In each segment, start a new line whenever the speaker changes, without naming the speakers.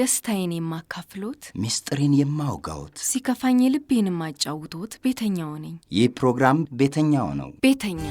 ደስታዬን የማካፍሎት፣
ምስጢሬን የማውጋዎት፣
ሲከፋኝ ልቤን የማጫውቶት ቤተኛው ነኝ።
ይህ ፕሮግራም ቤተኛው ነው።
ቤተኛ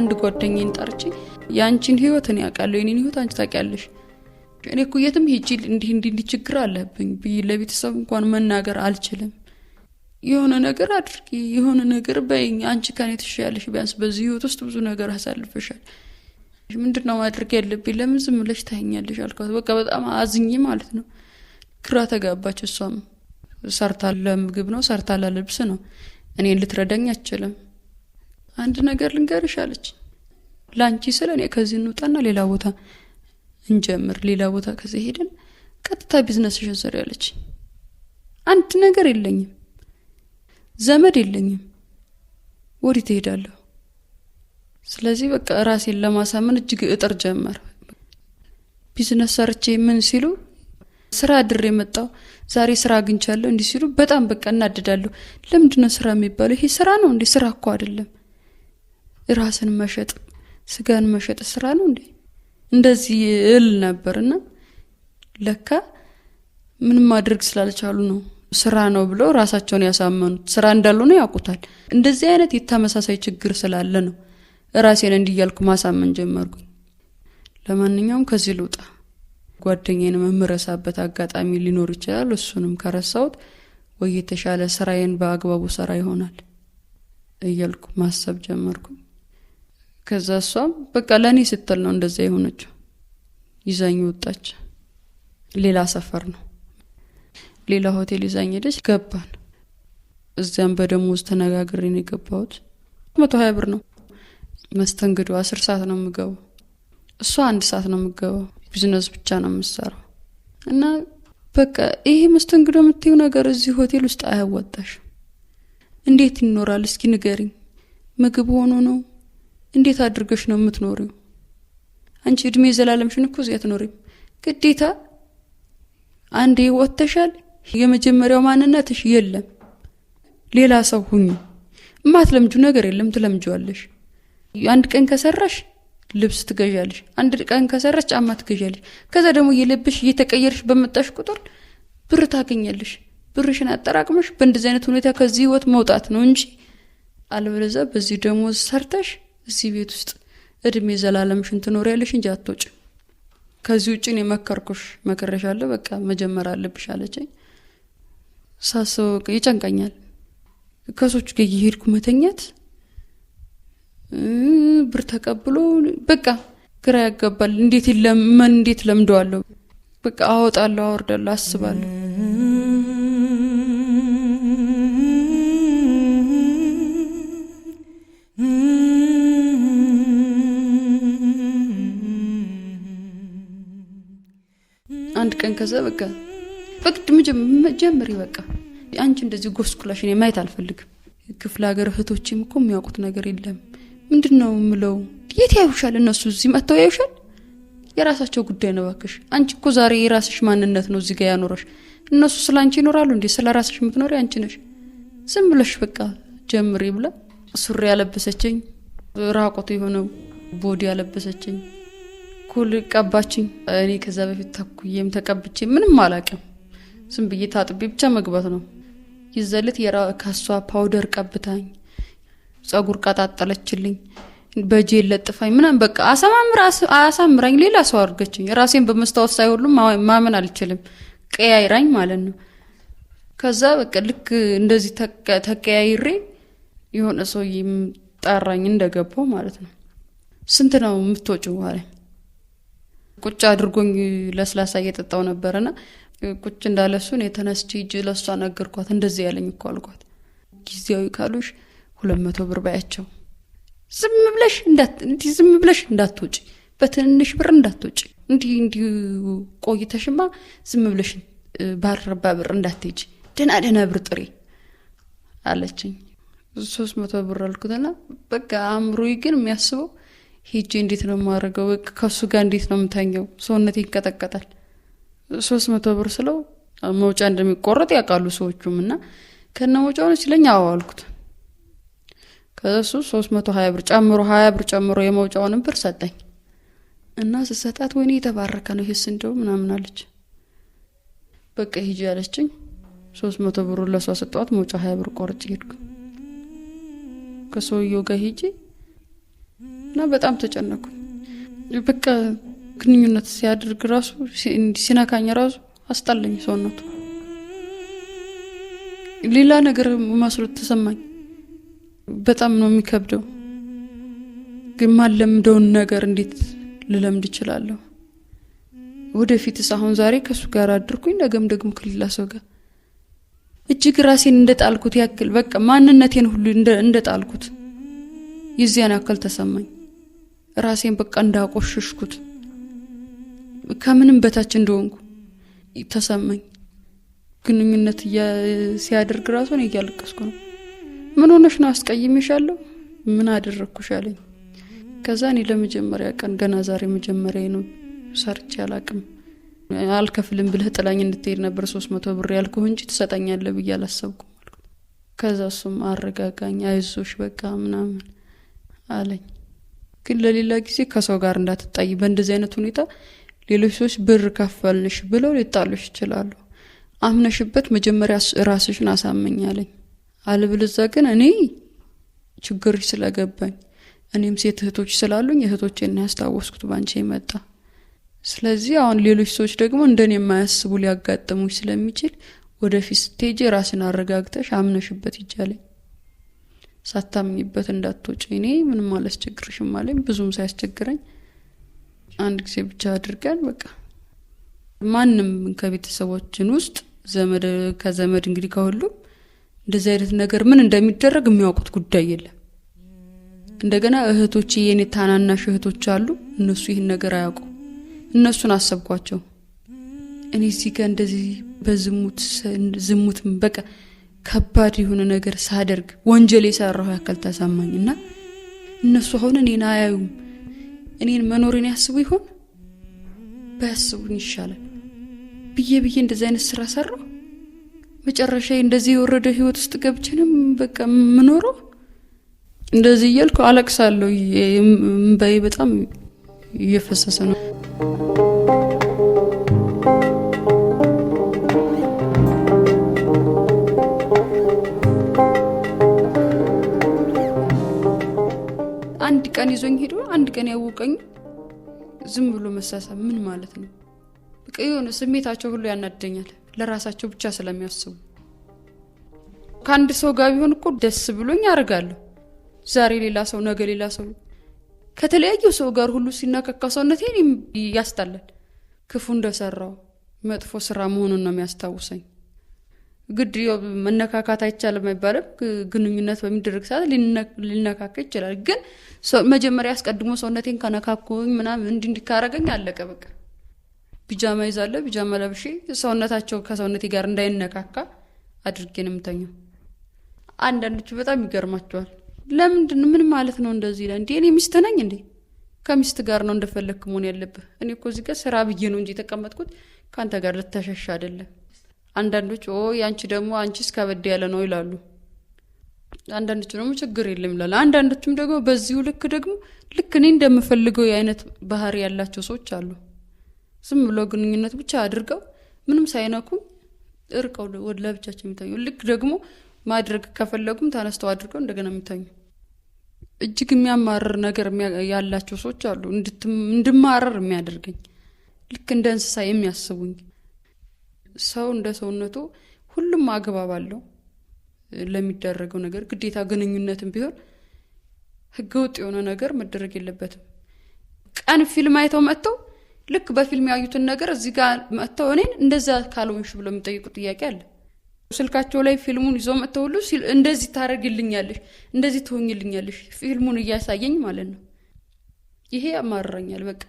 አንድ ጓደኛዬን ጠርቼ የአንቺን ህይወትን ያውቃለሁ፣ የኔን ህይወት አንቺ ታውቂያለሽ እኔ እኮ የትም ሄጂ እንዲህ እንዲህ ችግር አለብኝ ብዬ ለቤተሰብ እንኳን መናገር አልችልም። የሆነ ነገር አድርጊ፣ የሆነ ነገር በይኝ፣ አንቺ ከኔ ትሻለሽ፣ ቢያንስ በዚህ ህይወት ውስጥ ብዙ ነገር አሳልፈሻል፣ ምንድን ነው ማድረግ ያለብኝ? ለምን ዝም ብለሽ ታይኛለሽ? አልኳት። በቃ በጣም አዝኝ ማለት ነው። ግራ ተጋባች። እሷም ሰርታ ለምግብ ነው ሰርታ ለልብስ ነው፣ እኔን ልትረዳኝ አችልም። አንድ ነገር ልንገርሽ አለች፣ ለአንቺ ስለ እኔ ከዚህ እንውጣና ሌላ ቦታ እንጀምር ሌላ ቦታ ከዚህ ሄደን ቀጥታ ቢዝነስ ስሪ ያለች አንድ ነገር የለኝም፣ ዘመድ የለኝም፣ ወዲህ ትሄዳለሁ። ስለዚህ በቃ ራሴን ለማሳመን እጅግ እጥር ጀመር። ቢዝነስ ሰርቼ ምን ሲሉ ስራ ድር የመጣው ዛሬ ስራ አግኝቻለሁ እንዲህ ሲሉ በጣም በቃ እናድዳለሁ። ለምንድን ነው ስራ የሚባለው? ይሄ ስራ ነው እንዴ? ስራ እኮ አይደለም። ራስን መሸጥ ስጋን መሸጥ ስራ ነው እንዴ? እንደዚህ እል ነበር እና ለካ ምንም ማድረግ ስላልቻሉ ነው ስራ ነው ብለው ራሳቸውን ያሳመኑት። ስራ እንዳልሆነ ያውቁታል። እንደዚህ አይነት የተመሳሳይ ችግር ስላለ ነው ራሴን እንዲያልኩ ማሳመን ጀመርኩኝ። ለማንኛውም ከዚህ ልውጣ። ጓደኛዬን የምረሳበት አጋጣሚ ሊኖር ይችላል። እሱንም ከረሳሁት ወይ የተሻለ ስራዬን በአግባቡ ሰራ ይሆናል እያልኩ ማሰብ ጀመርኩኝ። ከዛ እሷም በቃ ለእኔ ስትል ነው እንደዛ የሆነችው። ይዛኝ ወጣች። ሌላ ሰፈር ነው፣ ሌላ ሆቴል ይዛኝ ሄደች። ገባን። እዚያም በደሞዝ ተነጋግሬ ነው የገባሁት። መቶ ሀያ ብር ነው መስተንግዶ። አስር ሰዓት ነው የምገባው፣ እሷ አንድ ሰዓት ነው የምገባው። ቢዝነስ ብቻ ነው የምሰራው እና በቃ ይሄ መስተንግዶ የምትይው ነገር እዚህ ሆቴል ውስጥ አያወጣሽ። እንዴት ይኖራል? እስኪ ንገሪኝ። ምግብ ሆኖ ነው እንዴት አድርገሽ ነው የምትኖሪው? አንቺ እድሜ የዘላለምሽን እኮ እዚህ አትኖሪም። ግዴታ አንዴ ወጥተሻል። የመጀመሪያው ማንነትሽ የለም። ሌላ ሰው ሁኚ። እማትለምጁ ነገር የለም፣ ትለምጇለሽ። አንድ ቀን ከሰራሽ ልብስ ትገዣለሽ። አንድ ቀን ከሰራሽ ጫማ ትገዣለሽ። ከዛ ደግሞ እየለብሽ እየተቀየርሽ በመጣሽ ቁጥር ብር ታገኛለሽ። ብርሽን አጠራቅመሽ በእንደዚህ አይነት ሁኔታ ከዚህ ህይወት መውጣት ነው እንጂ አለበለዚያ በዚህ ደሞዝ ሰርተሽ እዚህ ቤት ውስጥ እድሜ ዘላለምሽን ያለሽ እንጂ አትወጭ ከዚህ ውጭ እኔ መከርኩሽ፣ መክሬሻለሁ፣ በቃ መጀመር አለብሽ አለችኝ። ሳስበው ይጨንቀኛል። ከሶች ጋር እየሄድኩ መተኛት ብር ተቀብሎ በቃ ግራ ያጋባል። እንዴት ለምን እንዴት ለምደዋለሁ። በቃ አወጣለሁ፣ አወርዳለሁ፣ አስባለሁ። አንድ ቀን ከዛ በቃ በግድ መጀመር በቃ አንቺ እንደዚህ ጎስኩላሽ እኔ ማየት አልፈልግም። ክፍለ ሀገር እህቶችም እኮ የሚያውቁት ነገር የለም። ምንድን ነው ምለው፣ የት ያዩሻል? እነሱ እዚህ መጥተው ያዩሻል። የራሳቸው ጉዳይ ነው እባክሽ። አንቺ እኮ ዛሬ የራስሽ ማንነት ነው እዚህ ያኖረሽ። እነሱ ስለ አንቺ ይኖራሉ እንዴ? ስለ ራስሽ የምትኖሪ አንቺ ነሽ። ዝም ብለሽ በቃ ጀምሪ ብላ ሱሪ ያለበሰችኝ፣ ራቆቱ የሆነው ቦዲ ያለበሰችኝ ተኩል ቀባችኝ። እኔ ከዛ በፊት ተኩዬም ተቀብቼ ምንም አላቅም። ዝም ብዬ ታጥቤ ብቻ መግባት ነው። ይዘልት የራ ከሷ ፓውደር ቀብታኝ፣ ጸጉር ቀጣጠለችልኝ፣ በጄ ለጥፋኝ ምናም በቃ አሰማምራ አሳምራኝ ሌላ ሰው አድርገችኝ። ራሴን በመስታወት ሳይ ሁሉም ማመን አልችልም። ቀያይራኝ ማለት ነው። ከዛ በቃ ልክ እንደዚህ ተቀያይሬ የሆነ ሰው ጠራኝ እንደገባው ማለት ነው። ስንት ነው የምትወጪው አለኝ። ቁጭ አድርጎኝ ለስላሳ እየጠጣው ነበረና ቁጭ እንዳለሱ እሱን የተነስቼ እጅ ለሷ ነገርኳት። እንደዚህ ያለኝ እኮ አልኳት። ጊዜያዊ ካሉሽ ሁለት መቶ ብር ባያቸው ዝም ብለሽ እንዲህ ዝም ብለሽ እንዳትወጪ፣ በትንንሽ ብር እንዳትወጪ፣ እንዲህ እንዲህ ቆይተሽማ ዝም ብለሽ ባረባ ብር እንዳትሄጂ፣ ደህና ደህና ብር ጥሬ አለችኝ። ሶስት መቶ ብር አልኩትና በቃ አእምሮዬ ግን የሚያስበው ሄጄ እንዴት ነው የማደርገው? ከሱ ጋር እንዴት ነው የምተኘው? ሰውነት ይንቀጠቀጣል። ሶስት መቶ ብር ስለው መውጫ እንደሚቆረጥ ያውቃሉ ሰዎቹም እና ከነ መውጫውን ለኛ አዋዋልኩት። ከዛ እሱ ሶስት መቶ ሀያ ብር ጨምሮ ሀያ ብር ጨምሮ የመውጫውንም ብር ሰጠኝ እና ስሰጣት ወይኔ የተባረከ ነው ይህስ እንደው ምናምን አለች። በቃ ሂጂ ያለችኝ ሶስት መቶ ብሩን ለሷ ሰጠዋት። መውጫ ሀያ ብር ቆርጭ ሄድኩ ከሰውየው ጋር ሂጂ እና በጣም ተጨነኩኝ። በቃ ግንኙነት ሲያደርግ ራሱ ሲነካኝ ራሱ አስጣለኝ ሰውነቱ ሌላ ነገር መስሎት ተሰማኝ። በጣም ነው የሚከብደው። ግን ማለምደውን ነገር እንዴት ልለምድ እችላለሁ? ወደፊትስ አሁን ዛሬ ከእሱ ጋር አድርኩኝ፣ ነገም ደግሞ ከሌላ ሰው ጋር እጅግ ራሴን እንደጣልኩት ያክል በቃ ማንነቴን ሁሉ እንደጣልኩት የዚያን ያክል ተሰማኝ። ራሴን በቃ እንዳቆሸሽኩት ከምንም በታች እንደሆንኩ ተሰማኝ። ግንኙነት ሲያደርግ ራሱን እያለቀስኩ ነው። ምን ሆነሽ ነው? አስቀይሜሻለሁ? ምን አደረግኩሽ? አለኝ። ከዛ እኔ ለመጀመሪያ ቀን ገና ዛሬ መጀመሪያ ነው ሰርቼ አላቅም። አልከፍልም ብለህ ጥላኝ እንድትሄድ ነበር ሶስት መቶ ብር ያልኩህ እንጂ ትሰጠኛለ ብዬ አላሰብኩም ከዛ እሱም አረጋጋኝ። አይዞሽ በቃ ምናምን አለኝ። ግን ለሌላ ጊዜ ከሰው ጋር እንዳትጣይ። በእንደዚህ አይነት ሁኔታ ሌሎች ሰዎች ብር ከፈልሽ ብለው ሊጣሉሽ ይችላሉ። አምነሽበት መጀመሪያ ራስሽን አሳመኛለኝ። አልብልዛ ግን እኔ ችግር ስለገባኝ እኔም ሴት እህቶች ስላሉኝ እህቶቼን ያስታወስኩት ባንቼ ይመጣ ስለዚህ አሁን ሌሎች ሰዎች ደግሞ እንደኔ የማያስቡ ሊያጋጥሙች ስለሚችል ወደፊት ስቴጅ ራስን አረጋግተሽ አምነሽበት ይቻለኝ ሳታምኝበት እንዳትወጪ። እኔ ምንም አላስቸግርሽም አለኝ። ብዙም ሳያስቸግረኝ አንድ ጊዜ ብቻ አድርገን በቃ ማንም ከቤተሰባችን ውስጥ ዘመድ ከዘመድ እንግዲህ ከሁሉም እንደዚህ አይነት ነገር ምን እንደሚደረግ የሚያውቁት ጉዳይ የለም። እንደገና እህቶች የኔ ታናናሽ እህቶች አሉ። እነሱ ይህን ነገር አያውቁ። እነሱን አሰብኳቸው። እኔ እዚህ ጋር እንደዚህ በዝሙት ዝሙት በቃ ከባድ የሆነ ነገር ሳደርግ ወንጀል የሰራሁ ያክል ተሰማኝ እና እነሱ አሁን እኔን አያዩም። እኔን መኖሬን ያስቡ ይሆን ባያስቡኝ ይሻላል ብዬ ብዬ እንደዚህ አይነት ስራ ሰራሁ። መጨረሻ እንደዚህ የወረደ ህይወት ውስጥ ገብችንም በቃ የምኖረው እንደዚህ እያልኩ አለቅሳለሁ። እምባዬ በጣም እየፈሰሰ ነው። ይዞኝ ሄዶ አንድ ቀን ያወቀኝ ዝም ብሎ መሳሳብ ምን ማለት ነው? በቃ የሆነ ስሜታቸው ሁሉ ያናደኛል። ለራሳቸው ብቻ ስለሚያስቡ ከአንድ ሰው ጋር ቢሆን እኮ ደስ ብሎኝ ያደርጋለሁ ዛሬ ሌላ ሰው፣ ነገ ሌላ ሰው፣ ከተለያዩ ሰው ጋር ሁሉ ሲናከካ ሰውነቴን ያስጣላል። ክፉ እንደሰራው መጥፎ ስራ መሆኑን ነው የሚያስታውሰኝ። ግድ መነካካት አይቻልም አይባልም። ግንኙነት በሚደረግ ሰዓት ሊነካካ ይችላል። ግን መጀመሪያ አስቀድሞ ሰውነቴን ከነካኩኝ ምናምን እንዲ እንዲካረገኝ አለቀ በቃ። ቢጃማ ይዛለሁ። ቢጃማ ለብሼ ሰውነታቸው ከሰውነቴ ጋር እንዳይነካካ አድርጌ ነው የምተኛው። አንዳንዶቹ በጣም ይገርማቸዋል። ለምንድን ምን ማለት ነው እንደዚህ ይላል። እንዲህ እኔ ሚስት ነኝ እንዴ? ከሚስት ጋር ነው እንደፈለግክ መሆን ያለብህ። እኔ እኮ እዚህ ጋር ስራ ብዬ ነው እንጂ የተቀመጥኩት ከአንተ ጋር ልተሻሻ አይደለም። አንዳንዶች ኦ ያንቺ ደግሞ አንቺስ ከበድ ያለ ነው ይላሉ። አንዳንዶቹ ደግሞ ችግር የለም ይላሉ። አንዳንዶቹም ደግሞ በዚሁ ልክ ደግሞ ልክ እኔ እንደምፈልገው የአይነት ባህሪ ያላቸው ሰዎች አሉ። ዝም ብሎ ግንኙነት ብቻ አድርገው ምንም ሳይነኩ እርቀው ወደ ለብቻቸው ልክ ደግሞ ማድረግ ከፈለጉም ተነስተው አድርገው እንደገና የሚታኙ እጅግ የሚያማርር ነገር ያላቸው ሰዎች አሉ። እንድማረር የሚያደርገኝ ልክ እንደ እንስሳ የሚያስቡኝ ሰው እንደ ሰውነቱ ሁሉም አግባብ አለው ለሚደረገው ነገር። ግዴታ ግንኙነትም ቢሆን ህገ ወጥ የሆነ ነገር መደረግ የለበትም። ቀን ፊልም አይተው መጥተው ልክ በፊልም ያዩትን ነገር እዚህ ጋር መጥተው እኔን እንደዛ ካልሆንሽ ብሎ የሚጠይቁ ጥያቄ አለ። ስልካቸው ላይ ፊልሙን ይዞ መጥተው ሁሉ እንደዚህ ታደረግልኛለሽ እንደዚህ ትሆኝልኛለሽ፣ ፊልሙን እያሳየኝ ማለት ነው። ይሄ አማረኛል በቃ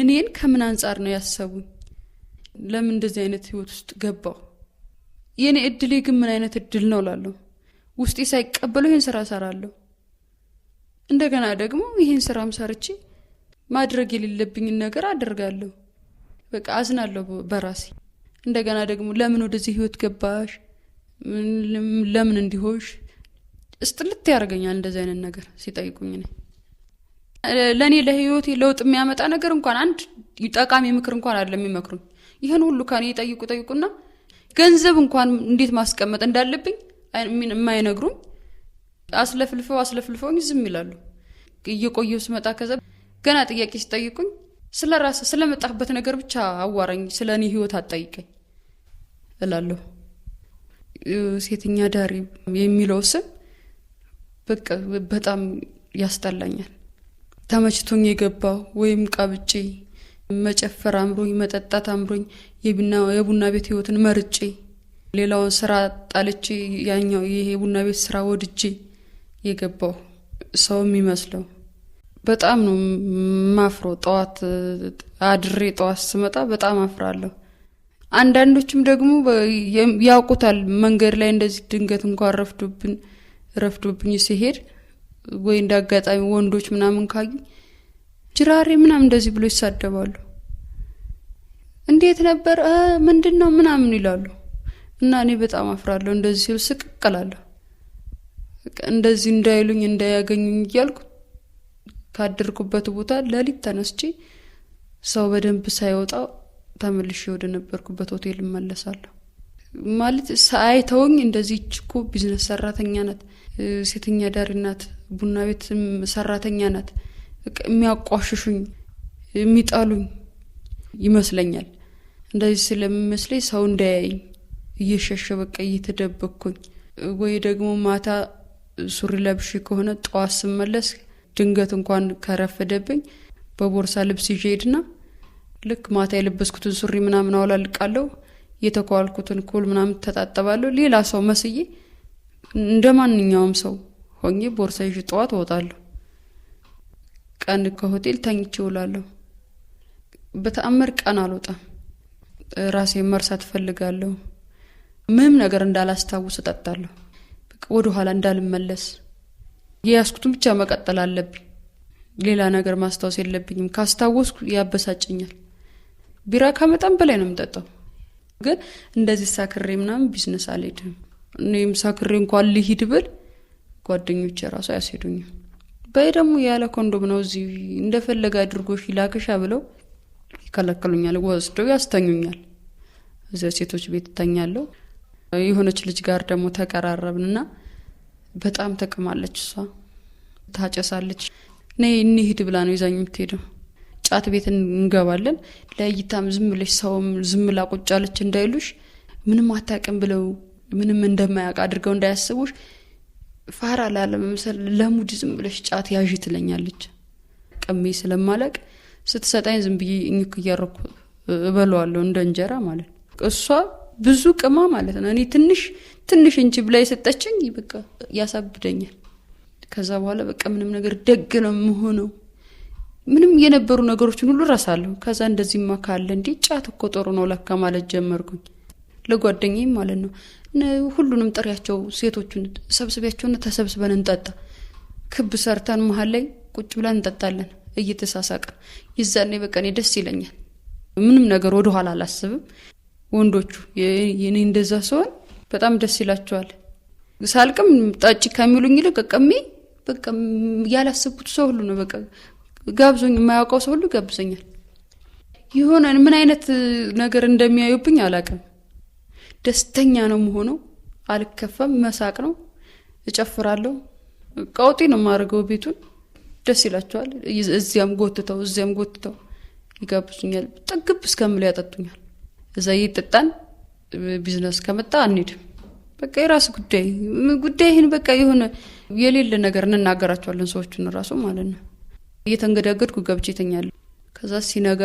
እኔን ከምን አንጻር ነው ያሰቡኝ? ለምን እንደዚህ አይነት ህይወት ውስጥ ገባው የእኔ እድሌ ግን ምን አይነት እድል ነው ላለሁ ውስጤ ሳይቀበለው ይህን ስራ ሰራለሁ። እንደገና ደግሞ ይህን ስራም ሰርቼ ማድረግ የሌለብኝን ነገር አደርጋለሁ። በቃ አዝናለሁ በራሴ። እንደገና ደግሞ ለምን ወደዚህ ህይወት ገባሽ? ለምን እንዲሆሽ? እስጥልት ያደርገኛል እንደዚህ አይነት ነገር ሲጠይቁኝ። ነ ለእኔ ለህይወቴ ለውጥ የሚያመጣ ነገር እንኳን አንድ ጠቃሚ ምክር እንኳን አለ የሚመክሩኝ ይህን ሁሉ ከኔ ጠይቁ ጠይቁና ገንዘብ እንኳን እንዴት ማስቀመጥ እንዳለብኝ የማይነግሩኝ አስለፍልፈው አስለፍልፈውኝ ዝም ይላሉ። እየቆየው ስመጣ ከዘ ገና ጥያቄ ሲጠይቁኝ ስለ ራስ ስለመጣበት ነገር ብቻ አዋረኝ ስለ እኔ ህይወት አጠይቀኝ እላለሁ። ሴተኛ ዳሪ የሚለው ስም በቃ በጣም ያስጠላኛል። ተመችቶኝ የገባው ወይም ቀብጬ መጨፈር አምሮኝ መጠጣት አምሮኝ የቡና ቤት ህይወትን መርጬ ሌላውን ስራ ጣልቼ ያኛው ይሄ የቡና ቤት ስራ ወድጄ የገባው ሰው የሚመስለው በጣም ነው ማፍሮ። ጠዋት አድሬ ጠዋት ስመጣ በጣም አፍራለሁ። አንዳንዶችም ደግሞ ያውቁታል። መንገድ ላይ እንደዚህ ድንገት እንኳን ረፍዶብን ረፍዶብኝ ሲሄድ ወይ እንደ አጋጣሚ ወንዶች ምናምን ካዩ ጅራሬ ምናምን እንደዚህ ብሎ ይሳደባሉ። እንዴት ነበር ምንድን ነው ምናምን ይላሉ። እና እኔ በጣም አፍራለሁ። እንደዚህ ሲሉ ስቅቅላለሁ። እንደዚህ እንዳይሉኝ እንዳያገኙኝ እያልኩ ካደርኩበት ቦታ ለሊት ተነስቼ ሰው በደንብ ሳይወጣው ተመልሼ ወደ ነበርኩበት ሆቴል እመለሳለሁ። ማለት አይተውኝ እንደዚህ ችኩ ቢዝነስ ሰራተኛ ናት፣ ሴተኛ ዳሪናት ናት፣ ቡና ቤት ሰራተኛ ናት የሚያቋሽሹኝ የሚጠሉኝ ይመስለኛል። እንደዚህ ስለሚመስለኝ ሰው እንዳያይኝ እየሸሸ በቃ እየተደበኩኝ ወይ ደግሞ ማታ ሱሪ ለብሼ ከሆነ ጠዋት ስመለስ ድንገት እንኳን ከረፈደብኝ በቦርሳ ልብስ ይዤ ሄድና ልክ ማታ የለበስኩትን ሱሪ ምናምን አውላልቃለሁ፣ የተኳልኩትን ኩል ምናምን ተጣጠባለሁ። ሌላ ሰው መስዬ እንደ ማንኛውም ሰው ሆኜ ቦርሳ ይዤ ጠዋት እወጣለሁ። ቀን ከሆቴል ተኝቼ ውላለሁ በተአምር ቀን አልወጣም። ራሴ መርሳት እፈልጋለሁ። ምንም ነገር እንዳላስታውስ እጠጣለሁ። ወደ ኋላ እንዳልመለስ የያዝኩትን ብቻ መቀጠል አለብኝ። ሌላ ነገር ማስታወስ የለብኝም። ካስታወስኩ ያበሳጭኛል። ቢራ ከመጠን በላይ ነው የምጠጣው። ግን እንደዚህ ሳክሬ ምናምን ቢዝነስ አልሄድም። እኔም ሳክሬ እንኳን ልሂድ ብል ጓደኞቼ ራሱ አያስሄዱኝም። በይ ደግሞ ያለ ኮንዶም ነው እዚህ እንደፈለገ አድርጎ ላክሻ ብለው ይከለከሉኛል። ወስደው ያስተኙኛል። እዚያ ሴቶች ቤት እተኛለሁ። የሆነች ልጅ ጋር ደግሞ ተቀራረብንና በጣም ተቅማለች። እሷ ታጨሳለች። እኔ እንሂድ ብላ ነው ይዛኝ የምትሄደው። ጫት ቤት እንገባለን። ለእይታም ዝም ብለሽ ሰውም ዝም ላቆጫለች እንዳይሉሽ ምንም አታውቅም ብለው ምንም እንደማያውቅ አድርገው እንዳያስቡሽ ፋራ ላለመምሰል ለሙድ ዝም ብለሽ ጫት ያዥ ትለኛለች። ቅሜ ስለማለቅ ስትሰጣኝ ዝም ብዬ እኝክ እያረኩ እበለዋለሁ እንደ እንጀራ ማለት እሷ ብዙ ቅማ ማለት ነው። እኔ ትንሽ ትንሽ እንጂ ብላ የሰጠችኝ በቃ ያሳብደኛል። ከዛ በኋላ በቃ ምንም ነገር ደግ ነው የምሆነው። ምንም የነበሩ ነገሮችን ሁሉ ረሳለሁ ከዛ እንደዚህ ማካለ እንዴ ጫት እኮ ጥሩ ነው ለካ ማለት ጀመርኩኝ። ለጓደኛዬም ማለት ነው ሁሉንም ጥሪያቸው ሴቶቹን ሰብስቢያቸውን ተሰብስበን እንጠጣ ክብ ሰርተን መሀል ላይ ቁጭ ብለን እንጠጣለን እየተሳሳቀ ይዛኔ በቀኔ ደስ ይለኛል ምንም ነገር ወደኋላ አላስብም ወንዶቹ የኔ እንደዛ ሲሆን በጣም ደስ ይላቸዋል ሳልቅም ጠጪ ከሚሉኝ ይልቅ ቀሜ በቃ ያላስብኩት ሰው ሁሉ ነው በቃ ጋብዞኝ የማያውቀው ሰው ሁሉ ይጋብዘኛል የሆነ ምን አይነት ነገር እንደሚያዩብኝ አላቅም ደስተኛ ነው መሆነው። አልከፈም መሳቅ ነው፣ እጨፍራለሁ። ቀውጢ ነው የማደርገው ቤቱን። ደስ ይላቸዋል። እዚያም ጎትተው እዚያም ጎትተው ይጋብዙኛል። ጥግብ እስከምለው ያጠጡኛል። እዛ እየጠጣን ቢዝነስ ከመጣ አንሄድም። በቃ የራስ ጉዳይ ጉዳይ ይህን በቃ የሆነ የሌለ ነገር እንናገራቸዋለን ሰዎቹን ራሱ ማለት ነው። እየተንገዳገድኩ ገብቼ ተኛለሁ። ከዛ ሲነጋ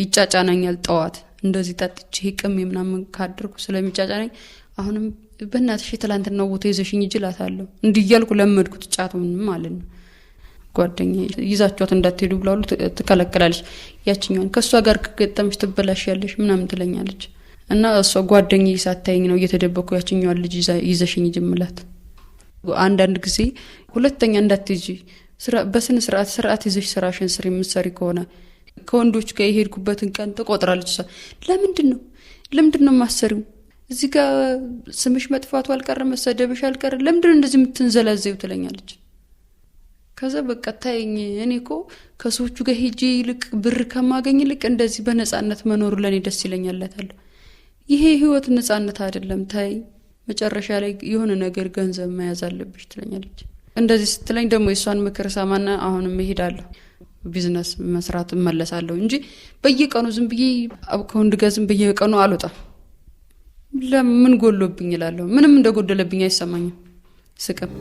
ይጫጫናኛል ጠዋት እንደዚህ ጠጥቼ ቅሜ ምናምን ካደርኩ ስለሚጫጫነኝ አሁንም በእናትሽ ትላንትና ቦታ ይዘሽኝ እጅ እላታለሁ። እንዲህ እያልኩ ለመድኩት ጫቱን ማለት ነው። ጓደኛ ይዛችኋት እንዳትሄዱ ብላሉ ትከለክላለች። ያችኛዋን ከእሷ ጋር ትበላሽ ትበላሻለሽ ምናምን ትለኛለች። እና እሷ ጓደኛ ሳታየኝ ነው እየተደበኩ ያችኛዋን ልጅ ይዘሽኝ ጅምላት። አንዳንድ ጊዜ ሁለተኛ እንዳትጂ በስነ ስርዓት ስርዓት ይዘሽ ስራሽን ስር የምትሰሪ ከሆነ ከወንዶች ጋር የሄድኩበትን ቀን ትቆጥራለች። ለምንድን ነው ለምንድን ነው የማሰሪው? እዚህ ጋር ስምሽ መጥፋቱ አልቀረ መሰደብሽ አልቀረ ለምንድን ነው እንደዚህ የምትንዘላዘዩ ትለኛለች። ከዛ በቃ ታይኝ እኔ እኮ ከሰዎቹ ጋር ሄጄ ይልቅ ብር ከማገኝ ይልቅ እንደዚህ በነፃነት መኖሩ ለእኔ ደስ ይለኛለታለሁ። ይሄ ህይወት ነፃነት አይደለም ታይ መጨረሻ ላይ የሆነ ነገር ገንዘብ መያዝ አለብሽ ትለኛለች። እንደዚህ ስትለኝ ደግሞ የእሷን ምክር ሰማና አሁንም እሄዳለሁ። ቢዝነስ መስራት እመለሳለሁ እንጂ በየቀኑ ዝም ብዬ ከወንድ ጋር በየቀኑ አልወጣም። ለምን ጎሎብኝ ይላለሁ ምንም እንደጎደለብኝ አይሰማኝም። ስቅም